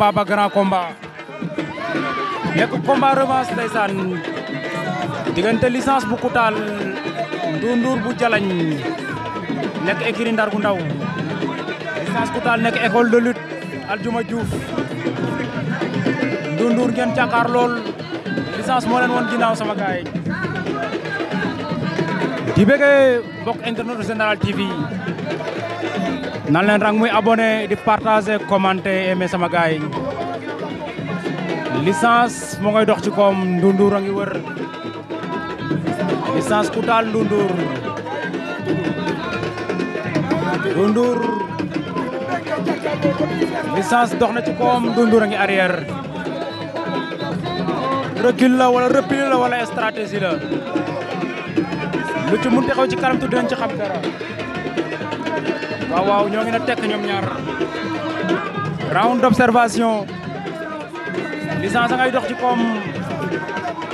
combat ba grand combat nekk combat revanche ndeysaan diggante licence bu kutaal nduur nduur bu jalañ nekk écurie Ndar gu ndaw kutaal nekk école de lutte Aljuma Diouf nduur nduur ngeen càkkaar lool licence moo leen woon ginnaaw sama gaay di bëggee internet Général TV nan leen rang muy abonné di partager commenter aimer sama gars yi moo ngay dox ci koom Ndoundour a ngi wër licence ku taal Ndoundour Ndoundour licence dox na ci koom Ndoundour a ngi arrière recul la wala repli la wala stratégie la lu ci mun xaw ci kanam tuuti ci xam dara waaw waaw ñoo ngi na round observation licence ngay dox ci kom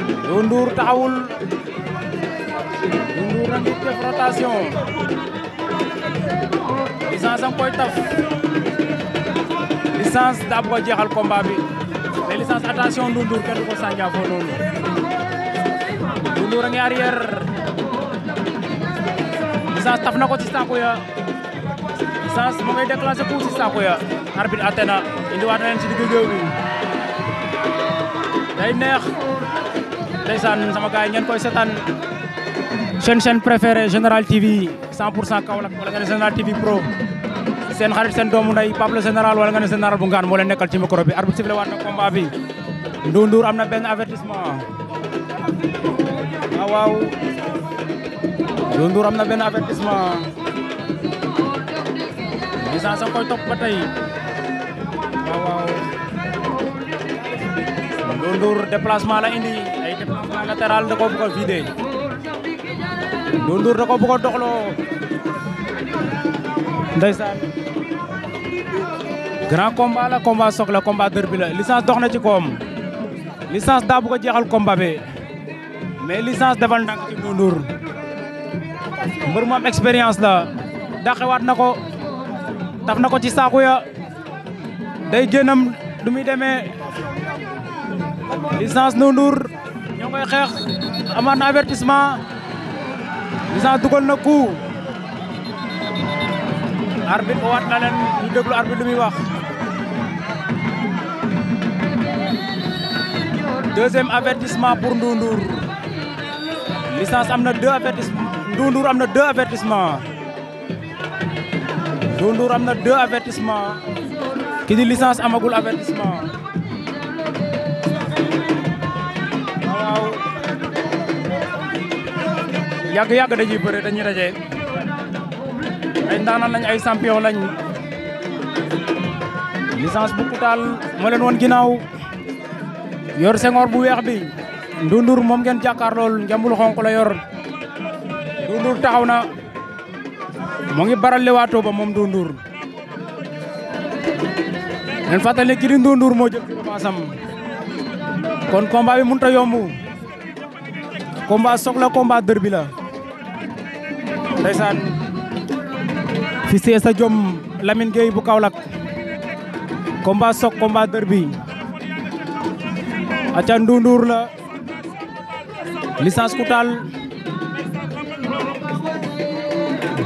Youssou Ndour taxawul Youssou Ndour ngi def rotation licence a koy taf licence combat bi licence attention Youssou kenn ko sànjaafoo Isaas taf na ko ci saako ya Isaas mu ngay déclenché coup ci saako ya Arbit Athena, na indiwaat na leen ci digg géew sama gaay ngeen koy seetaan Shen chaîne préférée General TV 100% Kaolack wala nga General TV Pro seen xarit seen doomu ndey Pape General Général wala nga ne Général bu ngaan moo leen nekkal ci micro bi arbitre Wow. waat Youssou Ndour am na benn avertissement Liss a koy topp ba la indi ay déplacement latéral da ko bëgg a vidé Youssou Ndour da ko la combat soog la combat derby la licence ci koom licence daa jeexal combat bi mais licence defal ndànk ci mbir mu am experience la daqewaat na taf nako ci saxu ya day génnam du muy demee licence no nduur ñongay xex amana avertissement licence dugal na ku arbitre wat na len ñu déglu arbitre lu wax deuxième avertissement pour Ndoundour licence amna deux avertissement Dundur amna deux avertissement Dundur amna deux avertissement ki di licence amagul avertissement yag yag yàgg dañuy bëre dañuy daje ay ndaanaan lañ ay champion lañ licence bu ko Koutal mo leen won ginaaw yor sengor bu weex bi ndundur mom ngeen jàkkaar lool njambul xonku la yor Ndour taxawna mo ngi baral wato ba mom Ndour Ndour leen fàttali ne di Ndour mo jël avance kon combat bi mënut ta yomb combat sokla combat derby la ndaysan fi sa jom Lamine Gueye bu kaolak combat sok combat derby acha ndundur la licence ku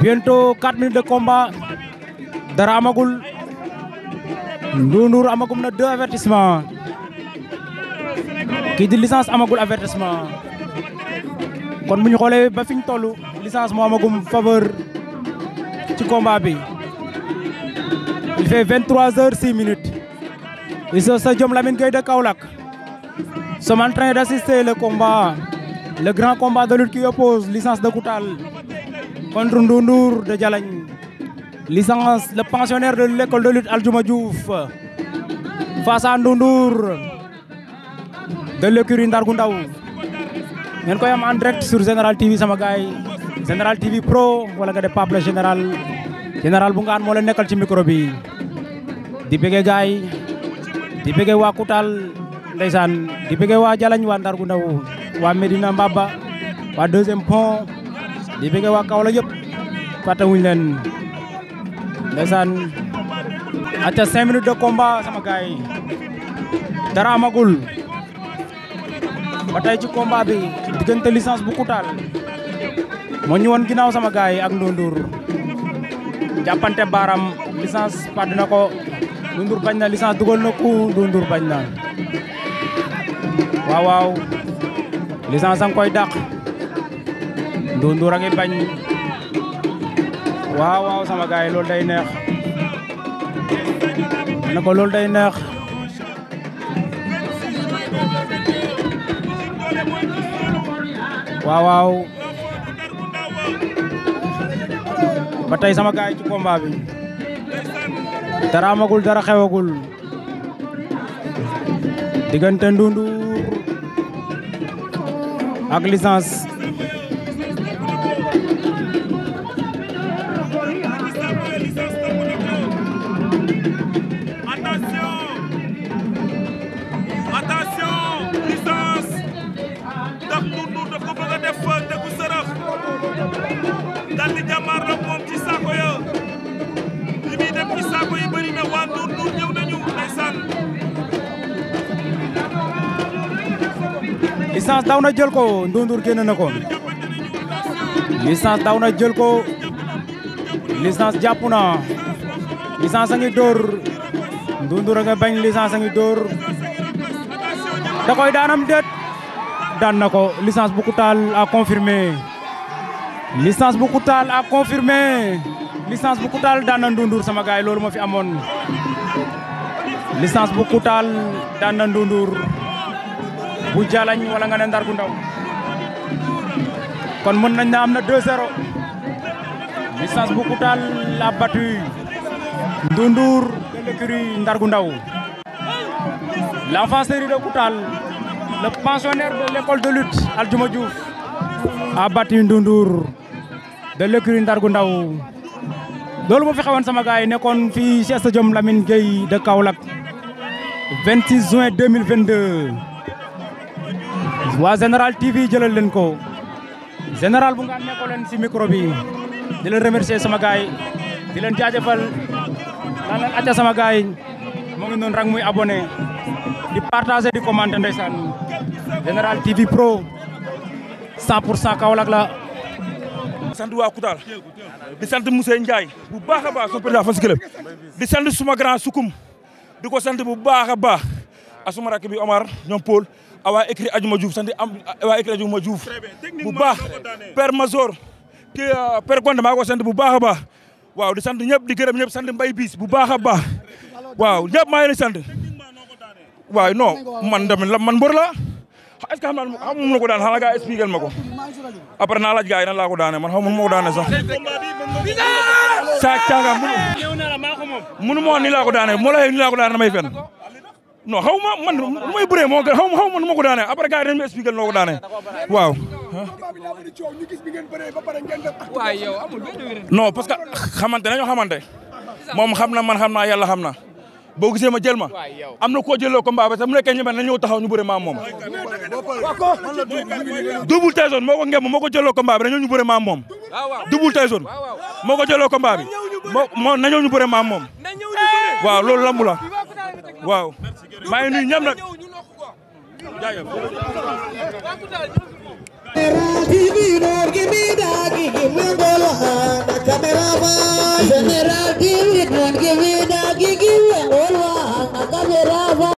bientôt 4 minutes de combat dara amagul Ndour Ndour amagum na deux avertissement kii di licence amagul avertissement kon bu ñu xoolee ba fi ñu toll licence moo amagum faveur ci combat bi il fait 23 heures 6 minutes Issa Diom Lamine Gueye de Kaolack sommes en train d'assister le combat le grand combat de lutte qui oppose licence de Koutal contre Ndundur de Dialagne. Licence, le pensionnaire de l'école de lutte Aljouma Diouf. Face à Ndundur de l'écurie Ndargundaou. Nous sommes en direct sur General TV, Samagay. General TV Pro, voilà que des peuples général. General Bungan, moi, le nekal ci micro bi. Di bëggé wa Koutal, ndeysaan, di wa Dialagne wa wa Medina Mbaba, wa deuxième pont di bëgg waa Kaolack yëpp fàttewuñ leen ndeysaan acca cinq minutes de combat sama gars yi dara amagul ba tey ci combat bi diggante licence bu ñu sama kai yi ak ndondur jàppante lisans licence pàdd na ko ndondur bañ na licence wow, na ku ndondur bañ na waaw waaw Ndoundour a ngi bañ waaw waaw sama gaay loolu day neex na ko day neex waaw waaw ba tey sama gaay ci dara amagul dara xewagul diggante Ndoundour ak licence licence daw na jël ko Ndoundour génn na ko licence daw na jël ko licence jàpp na licence a ngi dóor Ndoundour a bañ licence ngi dóor da daanam déet daan na ko licence bu kutaal a confirmé licence bu kutaal a confirmé licence bu kutaal daan na Ndoundour sama gaay loolu moo fi amoon licence bu kutaal daan bu jalañ wala nga ne ndar gu ndaw kon mën nañ na am na 2-0 distance bu Koutal la battu Ndoundour de l'écurie ndar gu ndaw l'enfant chéri de Koutal de l'école de lutte Aldiouma Diouf a battu Ndoundour de l'écurie ndar gu ndaw loolu moo fi xewoon sama gars yi nekkoon fii ci stade Lamine Gueye de Kaolack 26 juin 2022 waa Général TV jëlal leen ko Général bu nga am si micro di leen remercier sama gaay di leen jaajëfal daan leen acca sama moo ngi noon rek muy abone di partager di commenter ndeysaan Général TV Pro 100 pour cent Kaolack la sant waa Koutal di sant Moussa Ndiaye bu baax a baax son président fan si club di sant suma grand sukkum di ko sant bu baax a baax asuma rakk bi Omar ñoom Paul Ah, waa écrit Adjuma Diouf sant am ah, waa écrit Adjuma Diouf bu baax père Masor ki ah, père Gonde maa ko bu baax a baax waaw di sant ñëpp di gërëm ñëpp sant mbay biis bu baax a baax waaw ñëpp maa ngi leen di sant waaw non man tamit la man mbër la est ce que xam naa ko daan xanaa gaa expliqué ma ko après naa laaj gaa yi nan laa ko daane man xamuma ko daane sax. saa caaga mënu ma ni laa ko daane moo lay ni laa ko daane damay fenn. non xaw ma man lu may bëree moo gën xaw ma xaw ma nu ko daanee après gars yi dañ ma expliqué noo ko daanee waaw. non parce que xamante nañu xamante moom xam na man xam naa yàlla xam na boo gisee ma jël ma am na koo jëloo combat ba sax mu nekkee ñu mel ne ñëw taxaw ñu bëre maam moom. Double Tyson moo ko ngem moo ko jëloo combat bi ñu bëre maam moom. Double Tyson moo ko jëloo combat bi moo nañoo ñu bëre maam moom waaw loolu lamb la waaw. maa ngi nuyu ñëpp nag jaajëf General TV, don't give me that, give me a whole